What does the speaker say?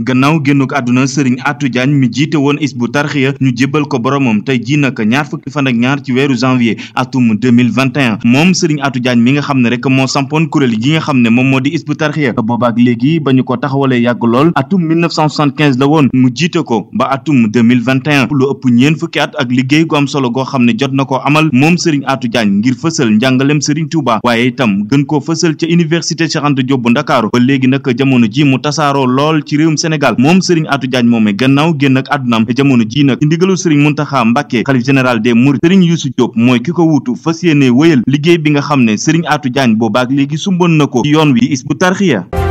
gannaaw génnuk àdduna sëriñ Atou Diagne mi jiite woon Hizbut Tarqiyyah ñu jébbal ko boromam tey jii nag ñaar fukki fan ak ñaar ci weeru janvier atum 2021 moom sëriñ Atou Diagne mi nga xam ne rek moo sampoon kuréel ji nga xam ne moom moo di Hizbut Tarqiyyah boobaak léegi ba ñu ko taxawalee yàgg lool atum 1975 la woon mu jiite ko ba atum 2021 lu ëpp ñeen fukki at ak liggéey gu am solo goo xam ne jot na ko amal moom sëriñ Atou Diagne ngir fësal njàngalem sëriñ Touba waaye itam gën koo fësal ca université Cheikh Anta bu Ndakaaru léegi nag jamono ji mu tasaaroo lool Sénégal moom atu Atou Diagne may gannaaw génn ak àddunaam jamono ji nag ci ndigalu Serigne Mountakha Mbacké xalif général des Mourides Serigne Youssou Diop mooy ki ko wuutu fas yéene wéyal liggéey bi nga xam ne Serigne Atou Diagne boobaak léegi sumboon na ko ci yoon wi Hizbut Tarqiyyah